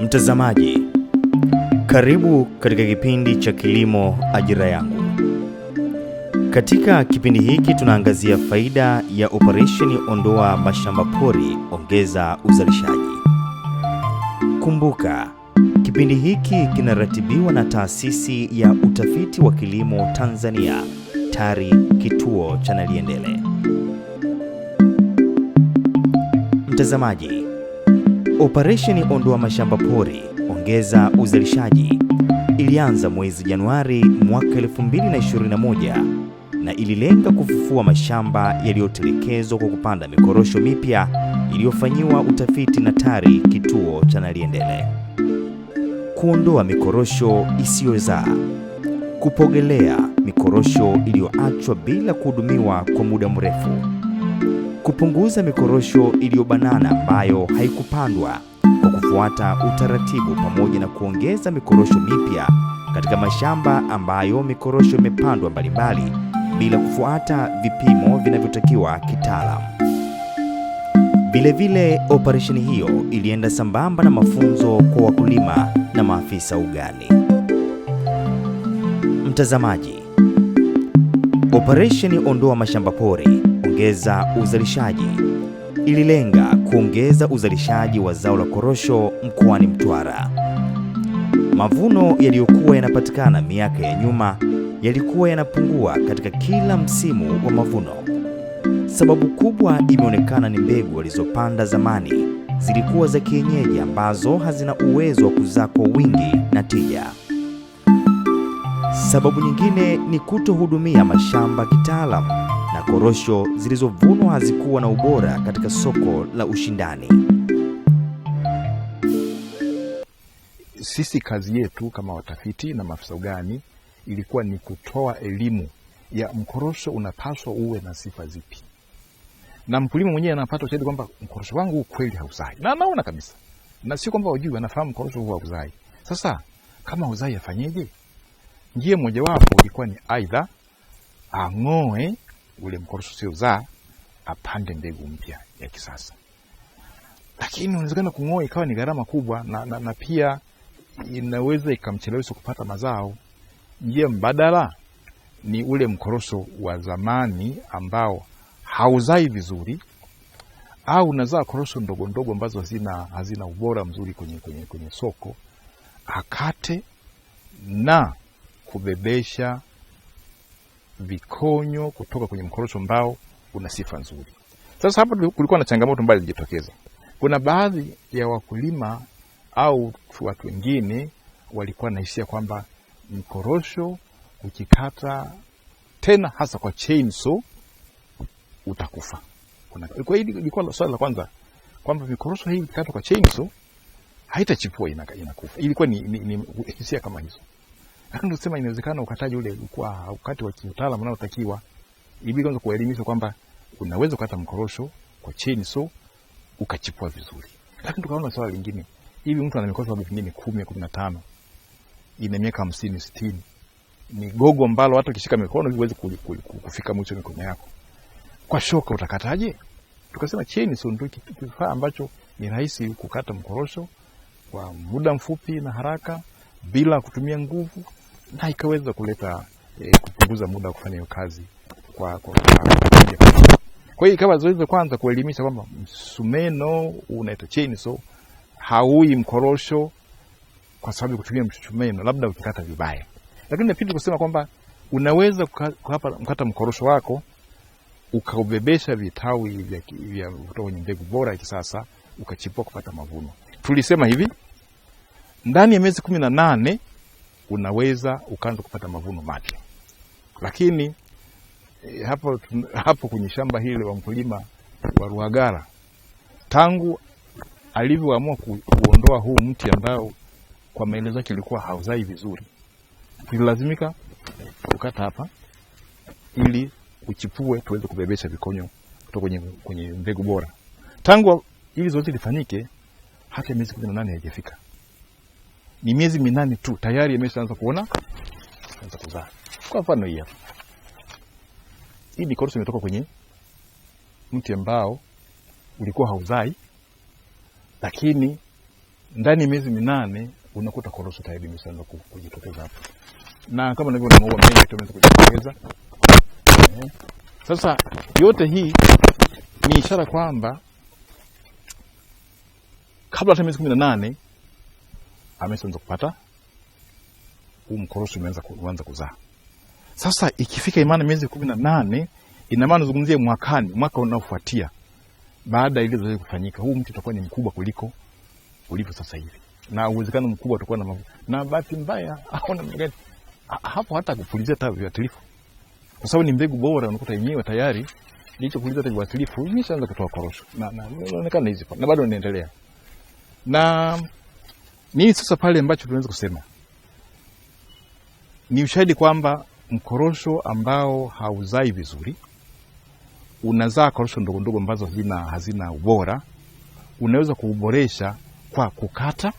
Mtazamaji, karibu katika kipindi cha Kilimo Ajira Yangu. Katika kipindi hiki tunaangazia faida ya operesheni ondoa mashamba pori, ongeza uzalishaji. Kumbuka, kipindi hiki kinaratibiwa na Taasisi ya Utafiti wa Kilimo Tanzania, TARI, kituo cha Naliendele. Mtazamaji, operesheni ondoa mashamba pori, ongeza uzalishaji ilianza mwezi Januari mwaka 2021 na ililenga kufufua mashamba yaliyotelekezwa kwa kupanda mikorosho mipya iliyofanyiwa utafiti na TARI kituo cha Naliendele, kuondoa mikorosho isiyozaa, kupogelea mikorosho iliyoachwa bila kuhudumiwa kwa muda mrefu, kupunguza mikorosho iliyobanana ambayo haikupandwa kwa kufuata utaratibu, pamoja na kuongeza mikorosho mipya katika mashamba ambayo mikorosho imepandwa mbalimbali bila kufuata vipimo vinavyotakiwa kitaalamu. Vilevile, operesheni hiyo ilienda sambamba na mafunzo kwa wakulima na maafisa ugani. Mtazamaji, operesheni ondoa mashamba pori, ongeza uzalishaji ililenga kuongeza uzalishaji wa zao la korosho mkoani Mtwara. Mavuno yaliyokuwa yanapatikana miaka ya nyuma yalikuwa yanapungua katika kila msimu wa mavuno. Sababu kubwa imeonekana ni mbegu walizopanda zamani zilikuwa za kienyeji ambazo hazina uwezo wa kuzaa kwa wingi na tija. Sababu nyingine ni kutohudumia mashamba kitaalamu na korosho zilizovunwa hazikuwa na ubora katika soko la ushindani. Sisi kazi yetu kama watafiti na maafisa ugani ilikuwa ni kutoa elimu ya mkorosho unapaswa uwe na sifa zipi, na mkulima mwenyewe anapata ushahidi kwamba mkorosho wangu ukweli hauzai, na anaona kabisa, na sio kwamba wajui, anafahamu mkorosho huu hauzai. Sasa kama uzai afanyeje? Njia mojawapo ilikuwa ni aidha ang'oe ule mkorosho usiozaa, apande mbegu mpya ya kisasa, lakini unawezekana kung'oa ikawa ni gharama kubwa na, na, na pia inaweza ikamchelewesha kupata mazao njia mbadala ni ule mkoroso wa zamani ambao hauzai vizuri au unazaa koroso ndogo ndogo ambazo hazina, hazina ubora mzuri kwenye, kwenye, kwenye soko, akate na kubebesha vikonyo kutoka kwenye mkoroso ambao una sifa nzuri. Sasa hapa kulikuwa na changamoto mbali ilijitokeza. Kuna baadhi ya wakulima au watu wengine walikuwa na hisia kwamba mkorosho ukikata tena hasa kwa chainsaw utakufa. Kuna Kwa hiyo ilikuwa swali la kwanza kwamba mikorosho hii ikikatwa kwa chainsaw haitachipua inaka, inakufa. Ilikuwa ni, ni, ni hisia kama hizo, lakini tusema inawezekana ukataji ule ulikuwa haukati wa kiutaalamu unaotakiwa. Ilibidi kwanza kuelimisha kwamba unaweza kukata mkorosho kwa chainsaw ukachipua vizuri, lakini tukaona swali lingine, hivi mtu ana mikorosho pengine kumi kumi na ina miaka hamsini sitini. Ni gogo ambalo hata ukishika mikono huwezi kufika mwisho mikono yako. Kwa shoka utakataje? Tukasema cheni so ndio kifaa ambacho ni rahisi kukata mkorosho kwa muda mfupi na haraka bila kutumia nguvu, na ikaweza kuleta e, kupunguza muda wa kufanya hiyo kazi kwa kwa kwa hiyo ikawa zoezi kwanza kuelimisha kwamba msumeno unaitwa chainsaw, haui mkorosho kwa sababu kutumia mchuchu meno, labda ukikata vibaya. Lakini napindi kusema kwamba unaweza mkata mkorosho wako ukaubebesha vitawi vya kutoka kwenye mbegu bora ya kisasa ukachipua kupata mavuno. Tulisema hivi, ndani ya miezi kumi na nane unaweza ukaanza kupata mavuno mapya, lakini e, hapo, hapo kwenye shamba hili wa mkulima wa Ruagara tangu alivyoamua kuondoa huu mti ambao kwa maelezo yake ilikuwa hauzai vizuri, tulilazimika kukata hapa ili uchipue tuweze kubebesha vikonyo kutoka kwenye, kwenye mbegu bora. Tangu ili zoezi lifanyike hata miezi kumi na nane haijafika, ni miezi minane tu tayari yameshaanza kuona anza kuzaa. Kwa mfano hii hapa, hii mikorosho imetoka kwenye mti ambao ulikuwa hauzai, lakini ndani ya miezi minane unakuta korosho tayari imeshaanza kujitokeza hapo, na kama nilivyo maua mengi tumeanza kujitokeza. Eh, sasa yote hii ni ishara kwamba kabla hata miezi kumi na nane ameshaanza kupata huu mkorosho, umeanza kuzaa. Sasa ikifika imani miezi kumi na nane ina maana zungumzie mwakani, mwaka unaofuatia baada ya ile zoezi kufanyika, huu mti utakuwa ni mkubwa kuliko ulivyo sasa hivi na uwezekano mkubwa utakuwa na mavuno. Na bahati mbaya au namna gani hapo hata kupulizia taa viuatilifu, kwa sababu ni mbegu bora, unakuta yenyewe tayari licho ilichopuliza taa viuatilifu imeshaanza kutoa korosho na inaonekana hizi na bado inaendelea. Na nini sasa pale ambacho tunaweza kusema ni ushahidi kwamba mkorosho ambao hauzai vizuri unazaa korosho ndogo ndogo ambazo hazina, hazina ubora, unaweza kuuboresha kwa kukata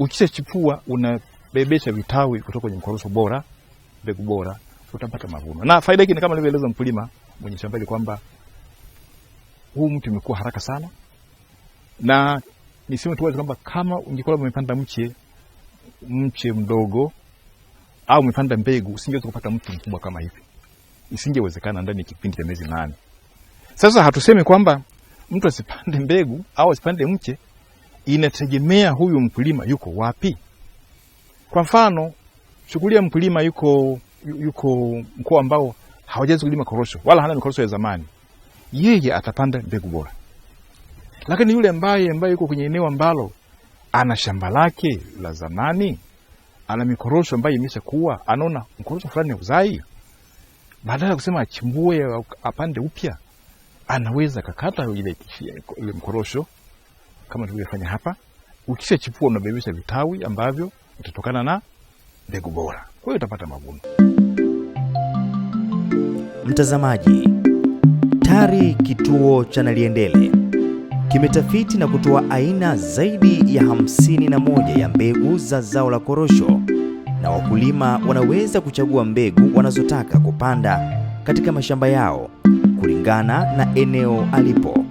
ukishachipua unabebesha vitawi kutoka kwenye mkwaruzo bora, mbegu bora, utapata mavuno. Na faida yake ni kama nilivyoeleza mkulima mwenye shamba hili kwamba huu mti umekuwa haraka sana, na niseme tu wazi kwamba kama ungekuwa umepanda mche mche mdogo au umepanda mbegu, usingeweza kupata mti mkubwa kama hivi, isingewezekana ndani ya kipindi cha miezi nane. Sasa hatusemi kwamba mtu asipande mbegu au asipande mche inategemea huyu mkulima yuko wapi. Kwa mfano, chukulia mkulima yuko yuko mkoa ambao hawajaweza kulima korosho wala hana mikorosho ya zamani, yeye atapanda mbegu bora. Lakini yule ambaye ambaye yuko kwenye eneo ambalo ana shamba lake la zamani, ana mikorosho ambayo imesha kuwa, anaona mkorosho fulani uzai, badala ya kusema achimbue apande upya, anaweza kakata ile, ile mkorosho kama tulivyofanya hapa. Ukishachipua unabebesha vitawi ambavyo vitatokana na mbegu bora, kwa hiyo utapata mavuno. Mtazamaji, TARI kituo cha Naliendele kimetafiti na kutoa aina zaidi ya hamsini na moja ya mbegu za zao la korosho, na wakulima wanaweza kuchagua mbegu wanazotaka kupanda katika mashamba yao kulingana na eneo alipo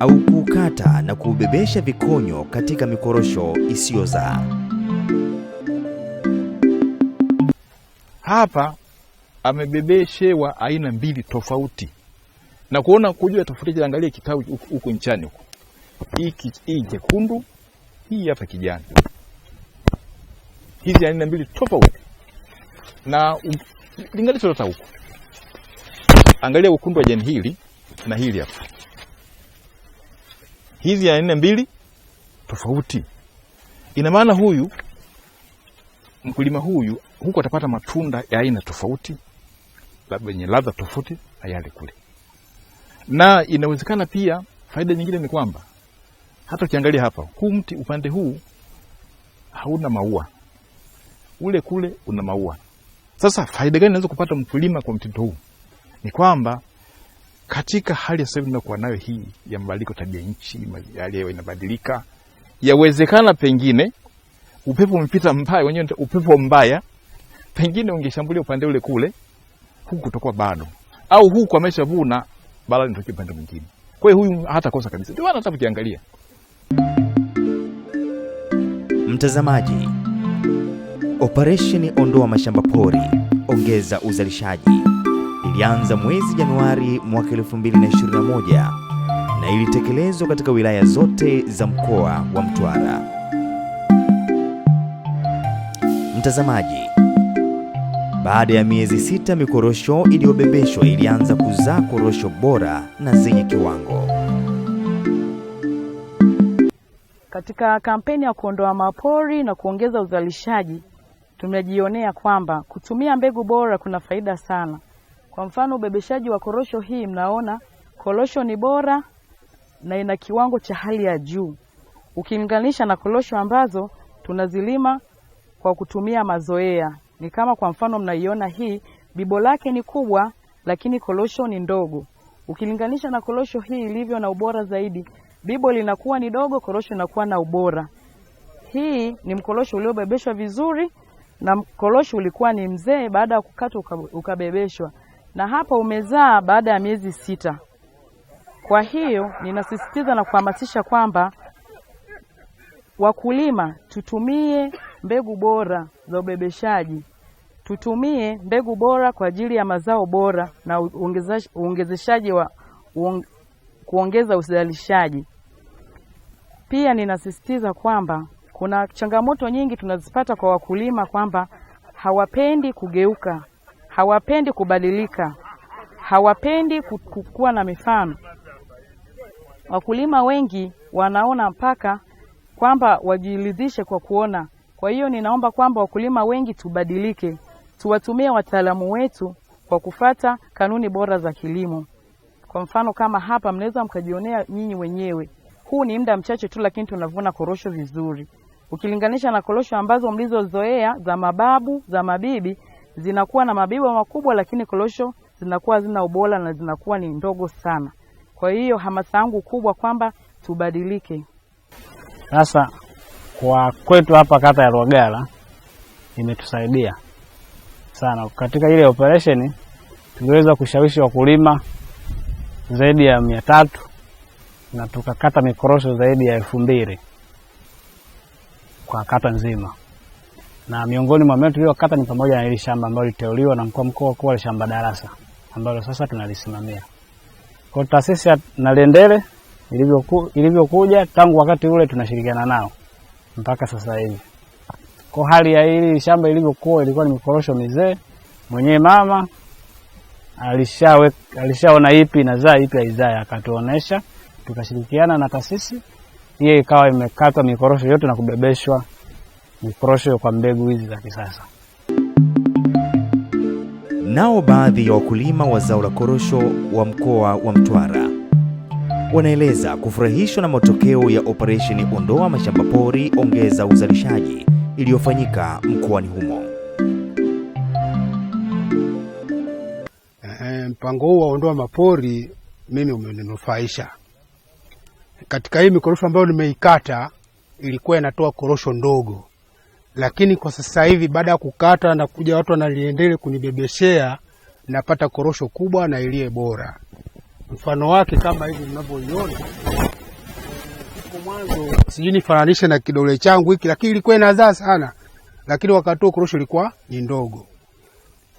au kukata na kubebesha vikonyo katika mikorosho isiyozaa. Hapa amebebeshewa aina mbili tofauti, na kuona kujua tofauti, angalia kitawi huko nchani huko, hii jekundu, hii hapa kijani. Hizi aina mbili tofauti, na um, linganisha huko, angalia ukundu wa jani hili na hili hapa hizi aina mbili tofauti. Ina maana huyu mkulima huyu huko atapata matunda ya aina tofauti, labda yenye ladha tofauti na yale kule. Na inawezekana pia faida nyingine ni kwamba hata ukiangalia hapa, huu mti upande huu hauna maua, ule kule una maua. Sasa faida gani naweza kupata mkulima kwa mtindo huu? Ni kwamba katika hali ya sasa hivi nayo hii ya mabadiliko tabia nchi, hali yao inabadilika, yawezekana pengine upepo umepita mbaya, wenyewe upepo mbaya, pengine ungeshambulia upande ule kule, huku kutakuwa bado, au huku kwa vuna bala linatokea upande mwingine. Kwa hiyo huyu hata kosa kabisa, ndio maana hata ukiangalia mtazamaji, operesheni ondoa mashamba pori, ongeza uzalishaji ilianza mwezi Januari mwaka 2021 na ilitekelezwa katika wilaya zote za mkoa wa Mtwara. Mtazamaji, baada ya miezi sita, mikorosho iliyobebeshwa ilianza kuzaa korosho bora na zenye kiwango. Katika kampeni ya kuondoa mapori na kuongeza uzalishaji, tumejionea kwamba kutumia mbegu bora kuna faida sana. Kwa mfano ubebeshaji wa korosho hii, mnaona korosho ni bora na ina kiwango cha hali ya juu ukilinganisha na korosho ambazo tunazilima kwa kutumia mazoea. Ni kama kwa mfano mnaiona hii, bibo lake ni kubwa, lakini korosho ni ndogo. Ukilinganisha na korosho hii ilivyo na ubora zaidi, bibo linakuwa ni dogo, korosho inakuwa na ubora. Hii ni mkorosho uliobebeshwa vizuri, na mkorosho ulikuwa ni mzee, baada ya kukatwa ukabebeshwa na hapa umezaa baada ya miezi sita. Kwa hiyo ninasisitiza na kuhamasisha kwamba wakulima tutumie mbegu bora za ubebeshaji, tutumie mbegu bora kwa ajili ya mazao bora na uongezeshaji wa uong, kuongeza uzalishaji. Pia ninasisitiza kwamba kuna changamoto nyingi tunazipata kwa wakulima kwamba hawapendi kugeuka hawapendi kubadilika, hawapendi kukuwa na mifano. Wakulima wengi wanaona mpaka kwamba wajiridhishe kwa kuona. Kwa hiyo ninaomba kwamba wakulima wengi tubadilike, tuwatumie wataalamu wetu kwa kufata kanuni bora za kilimo. Kwa mfano kama hapa, mnaweza mkajionea nyinyi wenyewe, huu ni muda mchache tu, lakini tunavuna korosho vizuri ukilinganisha na korosho ambazo mlizozoea za mababu za mabibi zinakuwa na mabiba makubwa, lakini korosho zinakuwa hazina ubora na zinakuwa ni ndogo sana. Kwa hiyo hamasa yangu kubwa kwamba tubadilike. Sasa kwa kwetu hapa kata ya Rwagara imetusaidia sana katika ile operesheni, tuliweza kushawishi wakulima zaidi ya mia tatu na tukakata mikorosho zaidi ya elfu mbili kwa kata nzima na miongoni mwa maeneo tuliyokata ni pamoja na ile shamba ambalo liliteuliwa na mkuu wa mkoa kuwa shamba darasa ambalo sasa tunalisimamia. Kwa taasisi ya Naliendele ilivyokuja, ku, tangu wakati ule tunashirikiana nao mpaka sasa hivi. Kwa hali ya hili shamba ilivyokuwa, ilikuwa ni mikorosho mizee, mwenyewe mama alishawe alishaona ipi inazaa ipi haizaa, akatuonesha, tukashirikiana na taasisi hiyo, ikawa imekatwa mikorosho yote na kubebeshwa mkorosho kwa mbegu hizi za kisasa. Nao baadhi ya wakulima wa zao la korosho wa mkoa wa Mtwara wanaeleza kufurahishwa na matokeo ya operesheni Ondoa Mashamba Pori Ongeza Uzalishaji iliyofanyika mkoani humo. Eh, mpango huu wa ondoa mapori mimi umeninufaisha. Katika hii mikorosho ambayo nimeikata ilikuwa inatoa korosho ndogo, lakini kwa sasa hivi baada ya kukata na kuja watu wanaliendele kunibebeshea, napata korosho kubwa na iliye bora. Mfano wake kama hivi mnavyoiona, huko mwanzo sijui nifananishe na kidole changu hiki, lakini ilikuwa inazaa sana, lakini wakati huo korosho ilikuwa ni ndogo.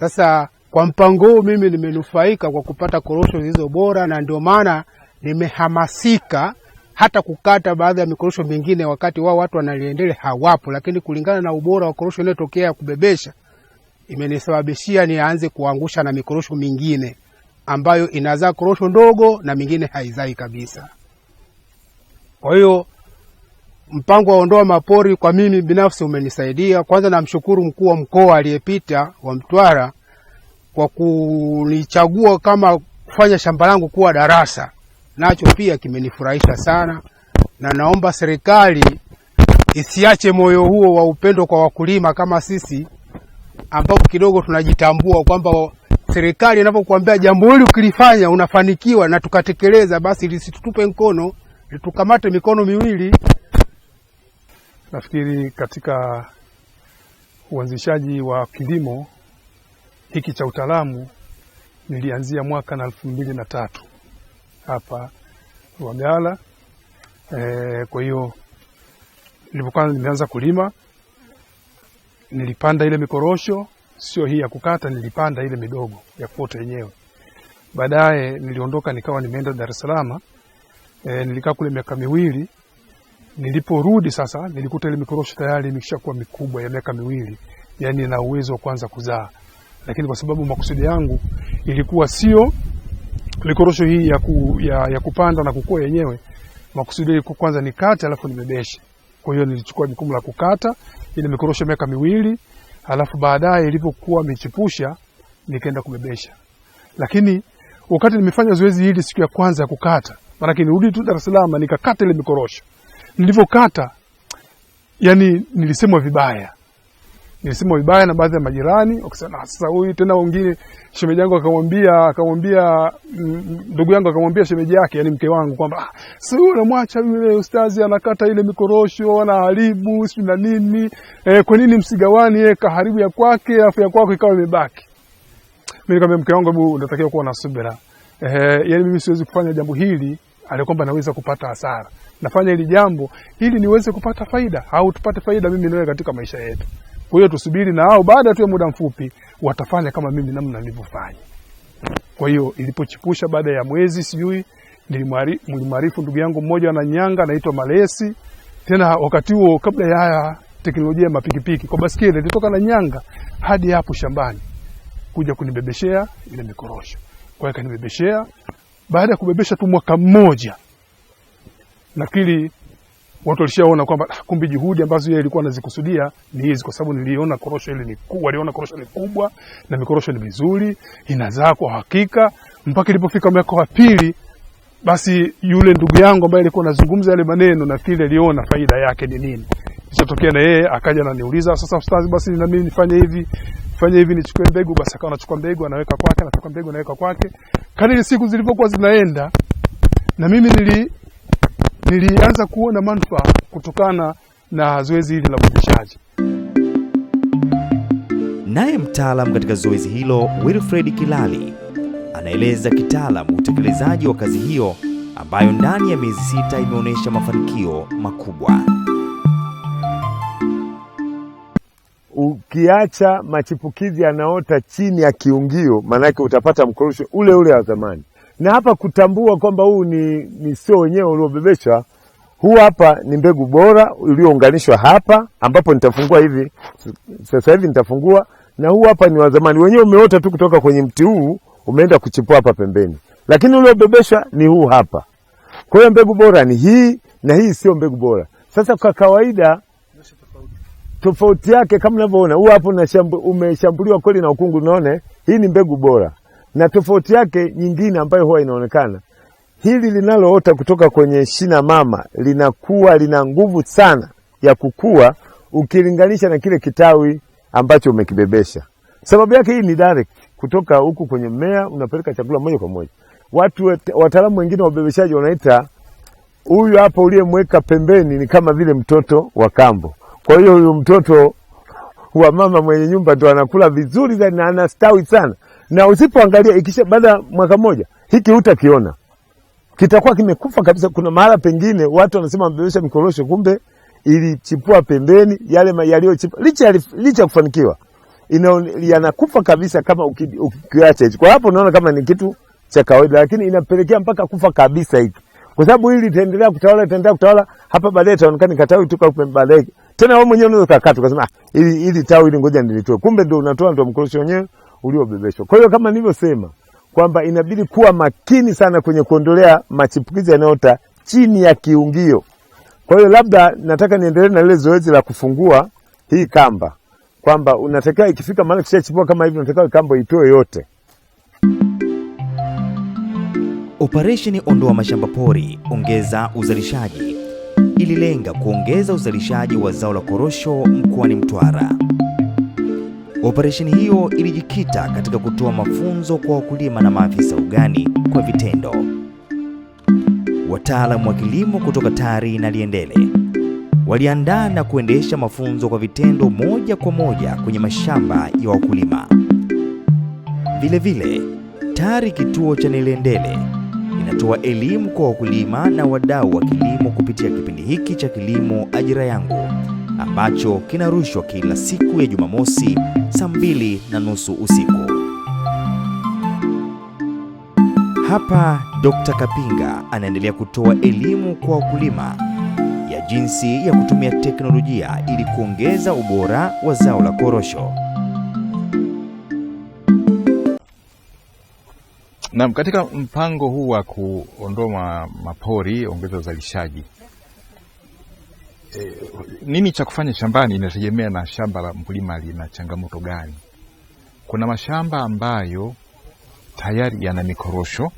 Sasa kwa mpango huu mimi nimenufaika kwa kupata korosho zilizo bora, na ndio maana nimehamasika hata kukata baadhi ya mikorosho mingine wakati wao watu wanaliendele hawapo, lakini kulingana na ubora wa korosho inayotokea ya kubebesha imenisababishia nianze kuangusha na mikorosho mingine ambayo inazaa korosho ndogo na mingine haizai kabisa. Kwa hiyo mpango wa ondoa mapori kwa mimi binafsi umenisaidia. Kwanza namshukuru mkuu wa mkoa aliyepita wa Mtwara kwa kunichagua kama kufanya shamba langu kuwa darasa nacho pia kimenifurahisha sana, na naomba serikali isiache moyo huo wa upendo kwa wakulima kama sisi ambapo kidogo tunajitambua kwamba serikali inapokuambia jambo hili ukilifanya unafanikiwa na tukatekeleza, basi lisitutupe mkono, litukamate mikono miwili. Nafikiri katika uanzishaji wa kilimo hiki cha utaalamu nilianzia mwaka na elfu mbili na tatu hapa Wagala. E, eh, kwa hiyo nilipokuwa nimeanza kulima nilipanda ile mikorosho, sio hii ya kukata, nilipanda ile midogo ya kuota yenyewe. Baadaye niliondoka nikawa nimeenda Dar es Salaam. E, nilikaa kule miaka miwili. Niliporudi sasa nilikuta ile mikorosho tayari imeshakuwa mikubwa ya miaka miwili, yani ina uwezo wa kuanza kuzaa, lakini kwa sababu makusudi yangu ilikuwa sio mikorosho hii ya, ku, ya, ya kupanda na kukua yenyewe, makusudi kwanza ni kata, alafu nimebeshe. Kwa hiyo nilichukua jukumu la kukata ile mikorosho miaka miwili, alafu baadaye ilipokuwa michipusha nikaenda kumebesha. Lakini wakati nimefanya zoezi hili siku ya kwanza ya kukata, maana nirudi tu Dar es Salaam nikakata ile mikorosho. Nilivyokata yani nilisemwa vibaya nilisema vibaya na baadhi ya majirani wakasema, ah, sasa huyu tena. Wengine shemeji yangu akamwambia akamwambia mm, ndugu yangu akamwambia shemeji yake, yani mke wangu, kwamba ah, sasa huyu anamwacha yule ustazi anakata ile mikorosho anaharibu si na nini e, kwa nini msigawani? Yeye eh, kaharibu ya kwake, alafu ya kwako ikawa imebaki. Mimi nikamwambia mke wangu, hebu unatakiwa kuwa na subira eh, yani mimi siwezi kufanya jambo hili kwamba naweza kupata hasara, nafanya hili jambo ili niweze kupata faida au tupate faida mimi nawe katika maisha yetu. Kwa hiyo tusubiri na hao, baada tu ya muda mfupi watafanya kama mimi namna nilivyofanya. Kwa hiyo ilipochipusha baada ya mwezi sijui, nilimwarifu ndugu yangu mmoja na nyanga anaitwa Malesi. Tena wakati huo kabla ya haya teknolojia ya mapikipiki kwa basikeli, nilitoka na nyanga hadi hapo shambani kuja kunibebeshea ile mikorosho. Kwa hiyo kanibebeshea. Baada ya kubebesha tu mwaka mmoja, nafikiri watu walishaona kwamba ah, kumbe juhudi ambazo yeye alikuwa anazikusudia ni hizi, kwa sababu niliona korosho ile ni kubwa, aliona korosho ni kubwa na mikorosho ni mizuri, inazaa kwa hakika. Mpaka ilipofika mwaka wa pili, basi yule ndugu yangu ambaye alikuwa anazungumza yale maneno, nafikiri aliona faida yake ni nini, kishatokea na yeye akaja ananiuliza, sasa ustazi, basi na mimi nifanye hivi fanya hivi nichukue mbegu. Basi akawa anachukua mbegu anaweka kwake, anachukua mbegu anaweka kwake. Kadiri siku zilivyokuwa zinaenda, na mimi nili nilianza kuona manufaa kutokana na zoezi hili la ufugishaji. Naye mtaalamu katika zoezi hilo Wilfred Kilali anaeleza kitaalamu utekelezaji wa kazi hiyo ambayo ndani ya miezi sita imeonyesha mafanikio makubwa. Ukiacha machipukizi yanaota chini ya kiungio, maanake utapata mkorosho ule ule wa zamani na hapa kutambua kwamba huu ni, ni sio wenyewe uliobebeshwa Huu hapa ni mbegu bora uliounganishwa hapa, ambapo nitafungua hivi sasa hivi nitafungua, na huu hapa ni wa zamani, wenyewe umeota tu kutoka kwenye mti huu umeenda kuchipua hapa pembeni, lakini uliobebeshwa ni huu hapa. Kwa hiyo mbegu bora ni hii na hii sio mbegu bora. Sasa kwa kawaida tofauti yake kama unavyoona, huu hapo umeshambuliwa kweli na ukungu, unaone hii ni mbegu bora na tofauti yake nyingine ambayo huwa inaonekana, hili linaloota kutoka kwenye shina mama linakuwa lina nguvu sana ya kukua ukilinganisha na kile kitawi ambacho umekibebesha. Sababu yake hii ni direct kutoka huku kwenye mmea unapeleka chakula moja kwa moja. Watu wataalamu wengine wa ubebeshaji wanaita huyu hapo uliyemweka pembeni ni kama vile mtoto wa kambo. Kwa hiyo huyu mtoto wa mama mwenye nyumba ndo anakula vizuri zaidi na anastawi sana na usipoangalia ikisha baada ya mwaka mmoja hiki hutakiona, kitakuwa kimekufa kabisa. Kuna mahala pengine watu wanasema wamebebesha mikorosho, kumbe ilichipua pembeni, yale yaliyochipa, licha licha kufanikiwa yanakufa kabisa kama ukiacha hichi. Kwa hapo unaona kama ni kitu cha kawaida, lakini inapelekea mpaka kufa kabisa hiki, kwa sababu hili litaendelea kutawala, litaendelea kutawala hapa, baadaye itaonekana katawi tuka kwa baadaye tena, wewe mwenyewe unaweza kukata ukasema, ah, hili hili tawi ili ngoja nilitoe, kumbe ndio unatoa ndio mkorosho wenyewe uliobebeshwa. Kwa hiyo kama nilivyosema kwamba inabidi kuwa makini sana kwenye kuondolea machipukizi yanayoota chini ya kiungio. Kwa hiyo labda nataka niendelee na lile zoezi la kufungua hii kamba, kwamba unatakiwa ikifika mahali kishachipua kama hivi, unatakiwa kamba itoe yote. Operesheni Ondoa Mashamba Pori, Ongeza Uzalishaji ililenga kuongeza uzalishaji wa zao la korosho mkoani Mtwara. Operesheni hiyo ilijikita katika kutoa mafunzo kwa wakulima na maafisa ugani kwa vitendo. Wataalamu wa kilimo kutoka TARI na Liendele waliandaa na kuendesha mafunzo kwa vitendo moja kwa moja kwenye mashamba ya wakulima. Vilevile, TARI kituo cha Liendele inatoa elimu kwa wakulima na wadau wa kilimo kupitia kipindi hiki cha Kilimo Ajira Yangu ambacho kinarushwa kila siku ya Jumamosi saa mbili na nusu usiku. Hapa Dr. Kapinga anaendelea kutoa elimu kwa wakulima ya jinsi ya kutumia teknolojia ili kuongeza ubora wa zao la korosho. Naam, katika mpango huu wa kuondoa mapori ongeza uzalishaji nini cha kufanya shambani inategemea na shamba la mkulima lina changamoto gani. Kuna mashamba ambayo tayari yana mikorosho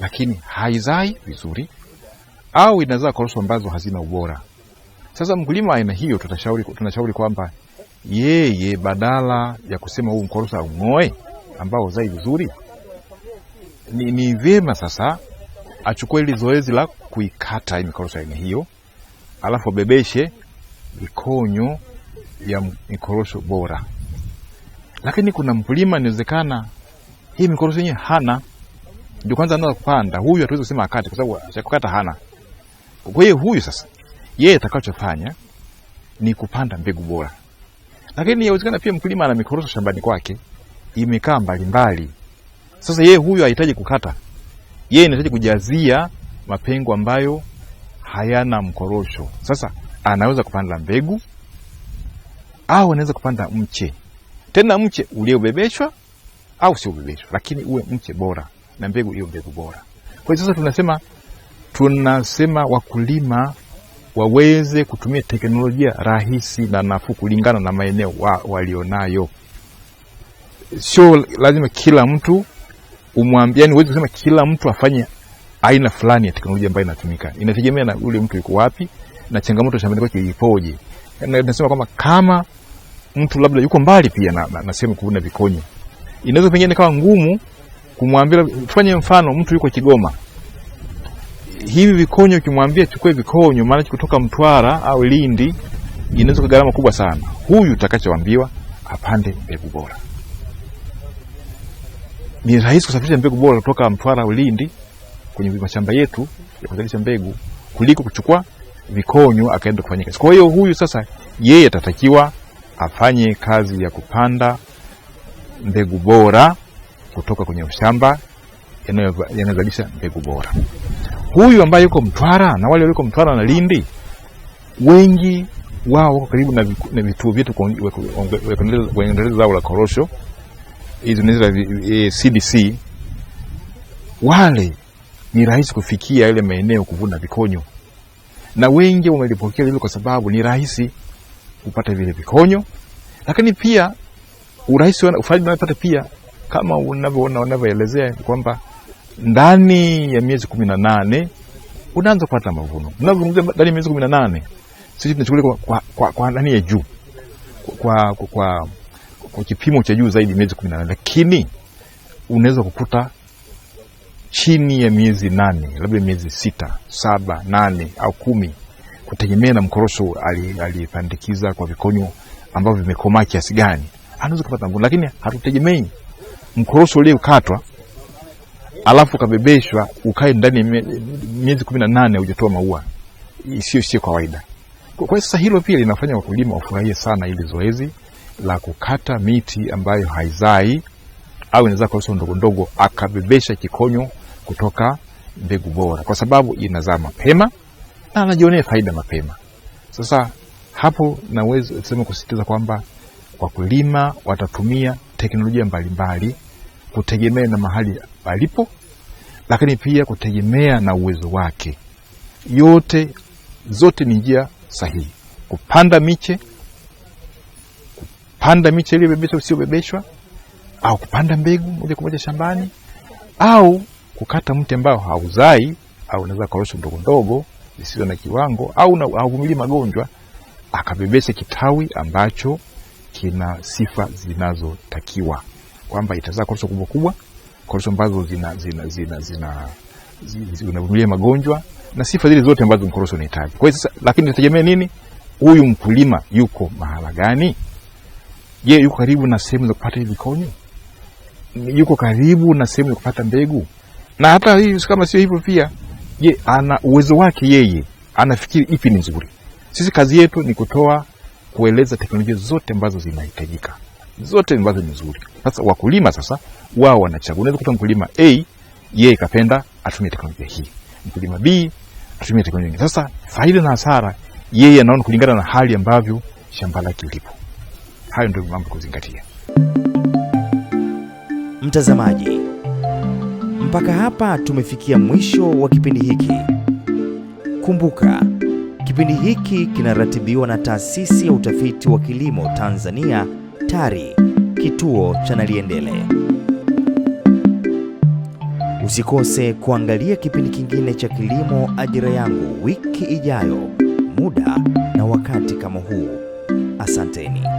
lakini haizai vizuri, au inazaa korosho ambazo hazina ubora. Sasa mkulima aina hiyo tutashauri, tunashauri kwamba yeye badala ya kusema huu mkorosho aung'oe ambao zai vizuri, ni, ni vyema sasa achukue hili zoezi la kuikata mikorosho aina hiyo alafu wabebeshe mikonyo ya mikorosho bora. Lakini kuna mkulima inawezekana hii mikorosho yenyewe hana, ndio kwanza anaanza kupanda. Huyu hatuwezi kusema akate, kwa sababu cha kukata hana. Kwa hiyo huyu sasa, yeye atakachofanya ni kupanda mbegu bora. Lakini inawezekana pia mkulima ana mikorosho shambani kwake imekaa mbalimbali. Sasa yeye huyu hahitaji kukata, yeye anahitaji kujazia mapengo ambayo hayana mkorosho. Sasa anaweza kupanda mbegu au anaweza kupanda mche, tena mche uliobebeshwa au sio ubebeshwa, lakini uwe mche bora na mbegu hiyo mbegu bora. Kwa hiyo sasa tunasema tunasema wakulima waweze kutumia teknolojia rahisi na nafuu kulingana na maeneo wa, walionayo. Sio lazima kila mtu umwambie, yani uweze kusema kila mtu afanye aina fulani ya teknolojia ambayo inatumika. Inategemea na ule mtu yuko wapi na changamoto shambani kwake ipoje. Nasema kwamba kama mtu labda yuko mbali pia na, na, na sehemu kuvuna vikonyo, inaweza pengine kawa ngumu kumwambia. Fanye mfano, mtu yuko Kigoma, hivi vikonyo ukimwambia chukue vikonyo maana kutoka Mtwara au Lindi, inaweza kwa gharama kubwa sana. Huyu utakachoambiwa apande mbegu bora, ni rahisi kusafirisha mbegu bora kutoka Mtwara au Lindi kwenye mashamba yetu ya kuzalisha mbegu kuliko kuchukua vikonyo akaenda kufanya kazi. Kwa hiyo huyu sasa yeye atatakiwa afanye kazi ya kupanda mbegu bora kutoka kwenye shamba yanayozalisha mbegu bora. Huyu ambaye yuko Mtwara na wale walioko Mtwara na Lindi, wengi wao wako karibu na vituo vyetu kuendeleza zao la korosho hizi CDC eh, wale ni rahisi kufikia yale maeneo kuvuna vikonyo, na wengi wamelipokea hilo kwa sababu ni rahisi kupata vile vikonyo, lakini pia urahisi ufaidi unapata pia, kama unavyoona unavyoelezea kwamba ndani ya miezi kumi na nane unaanza kupata mavuno. Unavyozungumzia ndani ya miezi kumi na nane sisi tunachukulia kwa, kwa, kwa, kwa ndani ya juu kwa, kwa, kwa, kwa kipimo cha juu zaidi miezi kumi na nane, lakini unaweza kukuta chini ya miezi nane, labda miezi sita, saba, nane au kumi, kutegemea na mkorosho alipandikiza kwa vikonyo ambavyo vimekomaa kiasi gani, anaweza kupata nguvu, lakini hatutegemei mkorosho uliokatwa alafu ukabebeshwa ukae ndani miezi kumi na nane hujatoa maua, sio sio kawaida. Kwa hiyo sasa hilo pia linafanya wakulima wafurahie sana ili zoezi la kukata miti ambayo haizai au inazaa kwa ndogo ndogo, akabebesha kikonyo kutoka mbegu bora, kwa sababu inazaa mapema na anajionea faida mapema. Sasa hapo naweza kusema kusisitiza kwamba wakulima watatumia teknolojia mbalimbali kutegemea na mahali alipo, lakini pia kutegemea na uwezo wake. Yote zote ni njia sahihi: kupanda miche, kupanda miche iliyobebeshwa, usiobebeshwa au kupanda mbegu moja kwa moja shambani au kukata mti ambao hauzai au unaweza korosho ndogo ndogo zisizo na kiwango au hauvumilii magonjwa, akabebesha kitawi ambacho kina sifa zinazotakiwa kwamba itazaa korosho kubwa kubwa, korosho ambazo zina zina, zina, zina, zina, zina magonjwa na sifa zile zote ambazo mkorosho unahitaji. Kwa hiyo sasa, lakini itategemea nini, huyu mkulima yuko mahala gani? Je, yuko karibu na sehemu za kupata hivi vikonyo? yuko karibu na sehemu ya kupata mbegu? Na hata hivi kama sio hivyo pia, je, ana uwezo wake yeye anafikiri ipi ni nzuri? Sisi kazi yetu ni kutoa, kueleza teknolojia zote ambazo zinahitajika, zote ambazo ni nzuri. Sasa wakulima sasa wao wanachagua. Unaweza kuta mkulima A yeye kapenda atumie teknolojia hii, mkulima B atumie teknolojia hii. Sasa faida na hasara yeye anaona kulingana na hali ambavyo shamba lake lipo. Hayo ndio mambo kuzingatia. Mtazamaji, mpaka hapa tumefikia mwisho wa kipindi hiki. Kumbuka, kipindi hiki kinaratibiwa na Taasisi ya Utafiti wa Kilimo Tanzania TARI, kituo cha Naliendele. Usikose kuangalia kipindi kingine cha Kilimo Ajira Yangu wiki ijayo, muda na wakati kama huu. Asanteni.